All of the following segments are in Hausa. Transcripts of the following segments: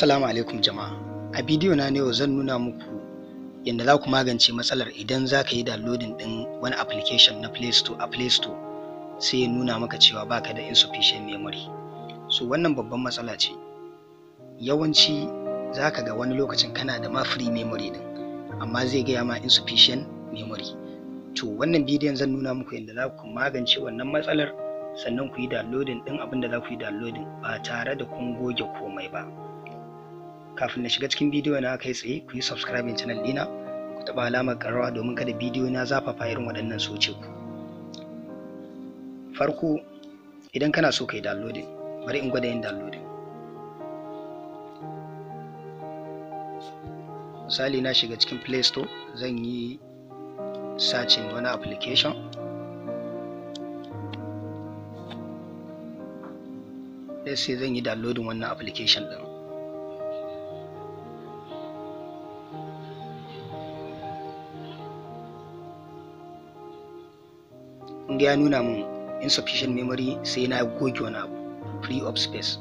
Assalamu alaikum jama'a. A bidiyo na yau zan nuna muku yadda za ku magance matsalar idan za ka yi downloading ɗin wani application na Play Store a Play Store sai ya nuna maka cewa baka da insufficient memory. So wannan babban matsala ce. Yawanci za ka ga wani lokacin kana da ma free memory ɗin amma zai gaya ma insufficient memory. To wannan bidiyon zan nuna muku yadda za ku magance wannan matsalar sannan ku yi downloading ɗin abin da za ku yi downloading ba tare da kun goge komai ba. kafin na shiga cikin bidiyo na kai tsaye ku yi subscribing channel dina ku taba alamar karawa domin kada bidiyo na zafafa irin waɗannan su ce ku farko idan kana so ka yi downloading bari in gwada yin downloading misali na shiga cikin play store zan yi searching wani application sai zan yi downloading wannan application din inda ya nuna min insufficient memory sai na goge wani abu free of space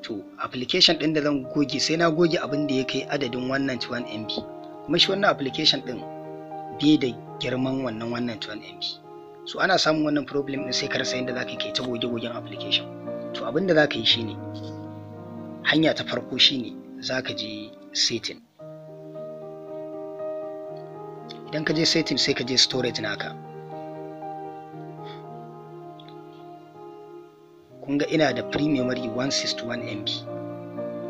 to application din da zan goge sai na goge abin da ya kai adadin 191 MB kuma shi wannan application din bai da girman wannan 191 MB so ana samun wannan problem din sai ka rasa yadda zaka kai ta goge-gogen application to abin da zaka yi shine hanya ta farko shine zaka je setting idan ka je setting sai ka je storage naka kun ga ina da free memory 161 mb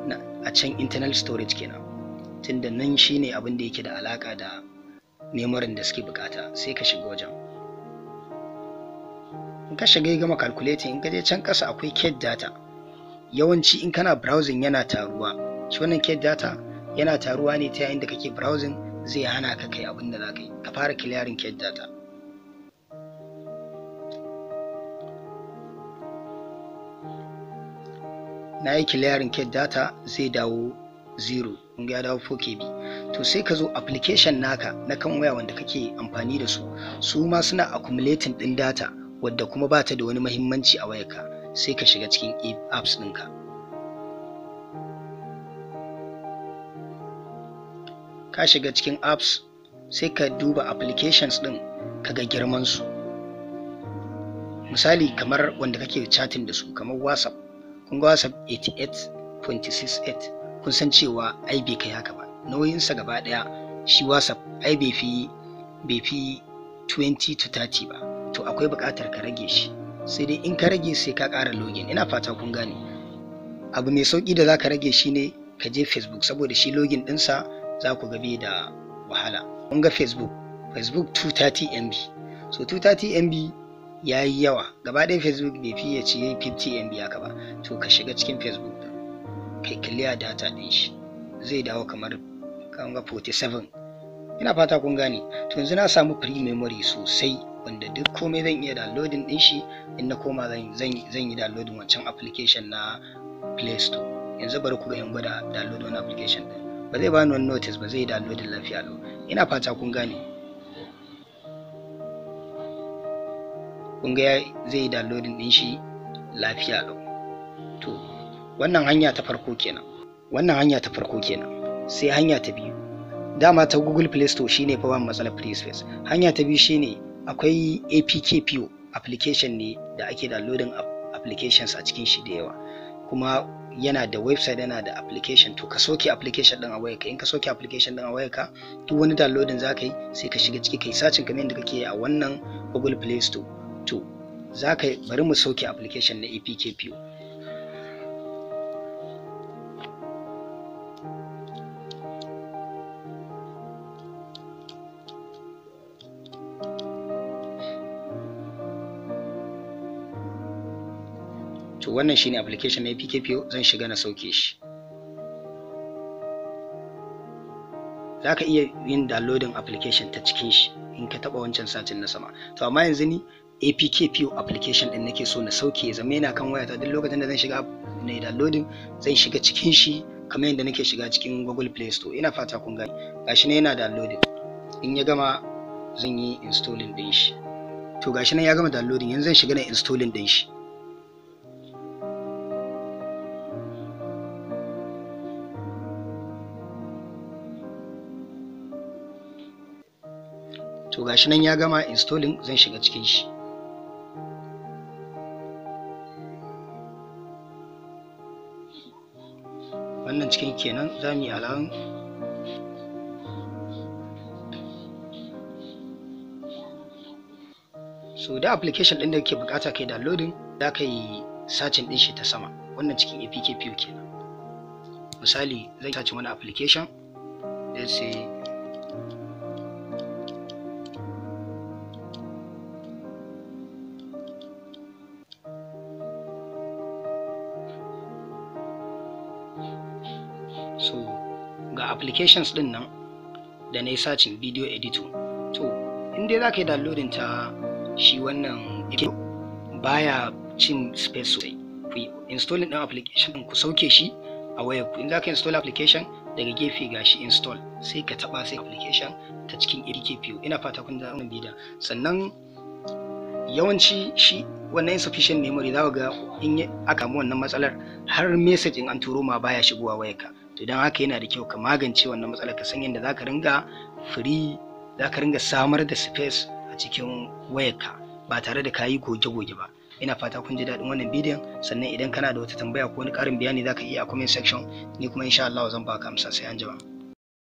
na a can internal storage kenan tunda nan shine abin da yake da alaka da nemarin da suke bukata sai ka shiga wajen in ka shiga gama calculating in ka je can kasa akwai cake data yawanci in kana browsing yana taruwa shi wannan cake data yana taruwa ne ta yayin da kake browsing zai hana ka kai abin da za ka yi ka fara kiliyarin kyan data na yi kiliyarin kyan data zai dawo zero. in ya dawo 4kb to sai ka zo application naka na kan waya wanda kake amfani da su su ma suna accumulating ɗin data wadda kuma ba ta da wani mahimmanci a wayarka sai ka shiga cikin apps ɗinka. ka shiga cikin apps sai ka duba applications ɗin ka ga su misali kamar wanda kake chatting da su kamar whatsapp kun ga whatsapp 88.68 kun san cewa ai bai kai haka ba nauyinsa gaba ɗaya shi whatsapp ai bai fi bai fi 20 to 30 ba to akwai buƙatar ka rage shi sai dai in ka rage sai ka ƙara login ina fata kun gane abu mai sauƙi da za ka rage shi ne ka je facebook saboda shi login ɗinsa za ku gabe da wahala mun ga facebook facebook 230 mb so 230 mb ya yi yawa gaba ɗaya facebook bai fi ya ce 50 mb haka ba to ka shiga cikin facebook ɗin kai clear data ɗin shi zai dawo kamar ga 47 ina fata kun gane to yanzu na samu free memory sosai wanda duk komai zan iya downloading ɗin shi in na koma zan yi downloading wancan application na play store yanzu bari ku ga yan gwada download wani application ɗin ba zai bani wani notice ba zai yi downloading lafiya lo ina fata kun gane kun ga zai yi downloading din shi lafiya lo to wannan hanya ta farko kenan wannan hanya ta farko kenan sai hanya ta biyu dama ta google play store shine fa wani matsalar free space hanya ta biyu shine akwai apk application ne da ake downloading applications a cikin shi da yawa kuma yana da website yana da application to ka soke application din a wayarka in ka soke application din a wayarka duk wani downloading zaka yi sai ka shiga ciki kai sacin kamar yadda kake a wannan google play store to zaka bari mu soke application na apk to wannan shine application na PKPO zan shiga na sauke shi za ka iya yin downloading application ta cikin shi in ka taba wancan satin na sama to amma yanzu ni apkpo application din nake so na sauke zama yana kan wayata duk lokacin da zan shiga na downloading zan shiga cikin shi kamar yadda nake shiga cikin google play store ina fata kun gani gashi ne yana downloading in ya gama zan yi installing din shi to gashi nan ya gama downloading yanzu zan shiga na installing din shi to gashi nan ya gama installing zan shiga cikin shi wannan cikin kenan za mu yi alawan so da application ɗin da ke bukata kai downloading za ka yi sacin ɗin shi ta sama wannan cikin apk view kenan misali zan sacin wani application let's say applications din nan da na yi sacin video editor to inda za ka yi downloading ta shi wannan video baya cin space sosai ku installing din application ku sauke shi a wayar ku in za ka install application daga gefe ga shi install sai ka taba sai application ta cikin irkpu ina fata kun da bida sannan yawanci shi wannan insufficient memory za ga in aka mu wannan matsalar har message in an turo ma baya shigowa wayarka to don haka yana da kyau ka magance wannan matsalar ka san yadda zaka ringa free zaka ringa samar da space a cikin wayarka ba tare da ka yi goge-goge ba ina fata kun ji daɗin wannan bidiyon sannan idan kana da wata tambaya ko wani ƙarin bayani zaka iya a comment section ni kuma insha Allah zan baka amsa sai anjima.